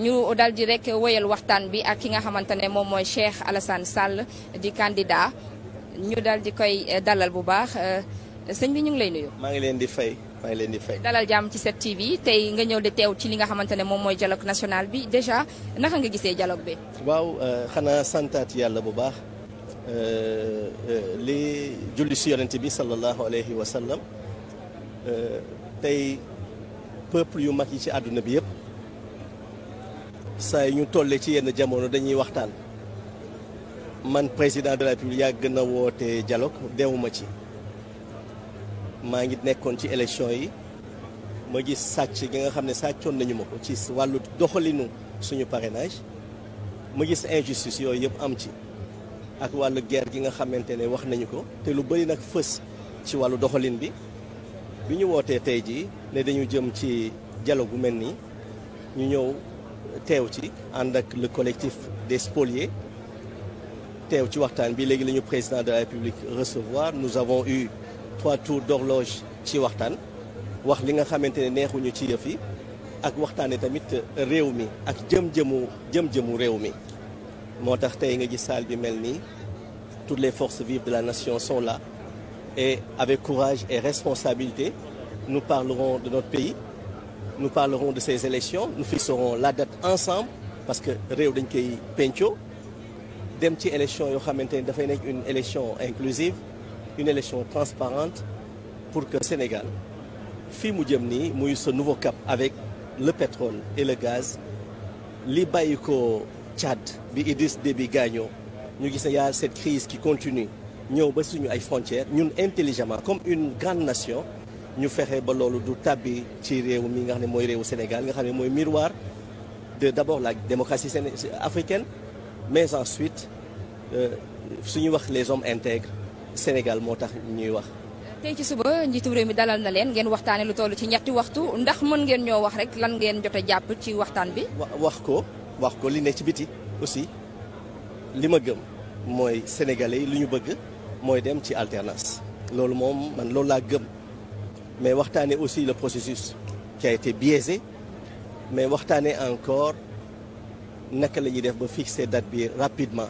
ñu dal di rek wéyal waxtaan bi ak ki nga xamante ne moom mooy Cheikh Alassane Sall di candidat ñu dal di koy eh, dalal bu baax eh, sëñ bi ñu ngi lay nuyu. maa ngi leen di fay maa leen di fay. dalal jàmm ci 7TV tey nga ñëw di teew ci li nga xamante ne moom mooy dialogue national bi déjà naka nga gisee jaloog bi. waaw eh, xanaa santaat yàlla bu baax li julli si yonent bi sallallahu alayhi wa sallam tey peuple yu mag yi ci àdduna bi yëpp. saa yi ñu tollee ci yenn jamono dañuy waxtaan man président de la République yaa gën a woote dialogue deewuma ci maa ngi nekkoon ci élection yi ma gis sàcc gi nga xam ne sàccoon nañu ma ko ci wàllu doxalinu suñu parrainage ma gis injustice yooyu yëpp am ci ak wàll guerre gi nga xamante ne wax nañu ko te lu bëri nag fës ci wàllu doxalin bi bi ñu wootee tey jii ne dañu jëm ci dialogue bu mel nii ñu ñëw teew ci ànd ak le collectif des spoliés teew ci waxtaan bi léegi la président de la république recevoir nous avons eu trois tours d'horloge ci waxtaan wax li nga xamante ne neexuñu ci yëf yi ak waxtaane tamit réew mi ak jëm-jëmu jëm-jëmu réew mi moo tax tey nga gis salle bi mel ni toutes les forces vives de la nation sont là et avec courage et responsabilité nous parlerons de notre pays nous parlerons de ces élections nous fixerons la date ensemble parce que réew dañ koy penco dem ci élection yoo xamante ni dafay nekk une élection inclusive une élection transparente pour que Sénégal fii mu jëm nii muy ce nouveau cap avec le pétrole et le gaz li bàyyi ko Tchad bi Idriss Déby gaañoo ñu gis ne y'a cette crise qui continue ñëw ba suñu ay frontières ñun intelligemment comme une grande nation ñu fexe ba loolu du tàbbi ci réew mi nga xam ne mooy réewu Sénégal nga xam ne mooy miroir de d'abord la démocratie séné africaine mais ensuite euh, suñu wax les hommes intègres Sénégal moo tax ñuy wax. tey ci suba njiitu réew mi dalal na leen ngeen waxtaanee lu toll ci ñetti waxtu ndax mën ngeen ñoo wax rek lan ngeen jot jàpp ci waxtaan bi. wax ko wax ko li ne ci biti aussi li ma gëm mooy sénégalais yi lu ñu bëgg mooy dem ci alternance loolu moom man loolu laa gëm. mais waxtaanee aussi le processus qui a été mais waxtaanee encore naka la ñuy def ba fixer date bi rapidement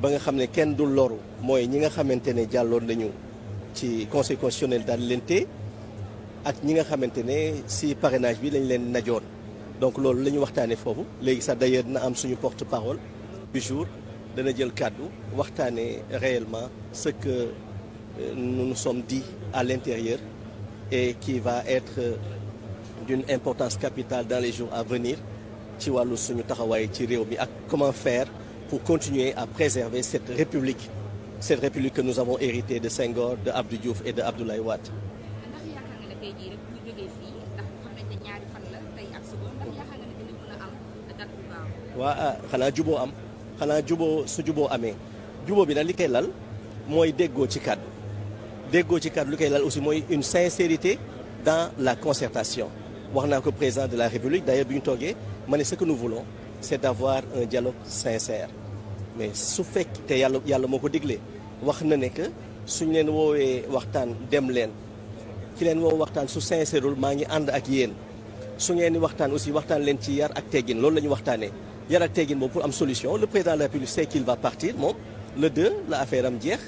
ba nga xam ne kenn du loru mooy ñi nga xamante ne jàlloon nañu ci conseil constitutionnel daal leen tee ak ñi nga xamante ne si parrainage bi lañ leen najoon donc loolu la ñu waxtaanee foofu léegi sax d'ailleurs dina am suñu porte parole du jour dana jël kàddu waxtaanee réellement ce que euh, nous nous sommes dit à l'intérieur et qui va être d'une importance capitale dans les jours à venir ci wàllu suñu taxawaay ci réew mi ak comment faire pour continuer à préserver cette république cette république que nous avons héritée de Senghor de Abdou Diouf et de Abdoulaye Wade. waa ah, xanaa juboo am xanaa jubo su juboo amee jubo bi nag li koy lal mooy déggoo ci kàddu. déggoo ci kàddu lu koy lal aussi mooy une sincérité dans la concertation wax naa ko président de la république d'ailleurs bi ñu toogee ma ne ce que nous voulons c'est d'avoir un dialogue sincère mais su fekk te yàlla yàlla moo ko diglee wax na ne que suñ leen woowee waxtaan dem leen ci leen woow waxtaan su sincèreul maa ngi ànd ak yéen su ngeen di waxtaan aussi waxtaan leen ci yar ak teggin loolu la ñu waxtaanee yar ak teggin boobu pour am solution le président de la république sait qu'il le deux la affaire am jeex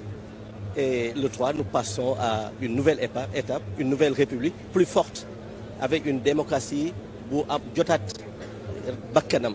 Et le 3, nous passons à une nouvelle étape, étape une nouvelle république plus forte, avec une démocratie bu am jotaat bakkanam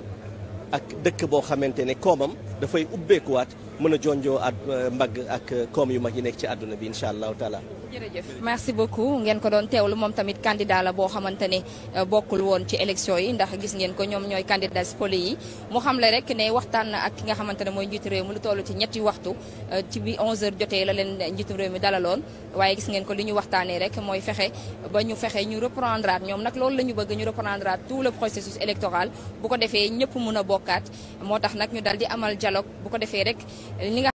ak dëkk boo xamante ne koomam dafay ubbeekuwaat mën a jonjoo ak euh, mbagg ak euh, koom yu mag yi nekk ci àdduna bi incha allahu taala jërëjëf merci beaucoup ngeen ko doon teew teewlu moom tamit candidat la boo xamante ne euh, bokkul woon ci élection yi ndax gis ngeen ko ñoom ñooy candidats poli yi mu xam le rek ne waxtaan na ak ki nga xamante ne mooy njiitu réew mi lu toll ci ñetti waxtu euh, ci bi 11 heures jotee la leen njiitu réew mi dalaloon waaye gis ngeen ko li ñu waxtaanee rek mooy fexe ba ñu fexe ñu reprendre ñoom nag loolu la ñu bëgg ñu reprendre at tout le processus électoral bu ko defee ñëpp mun a bokkaat moo tax nag ñu dal di amal dialogue bu ko defee rek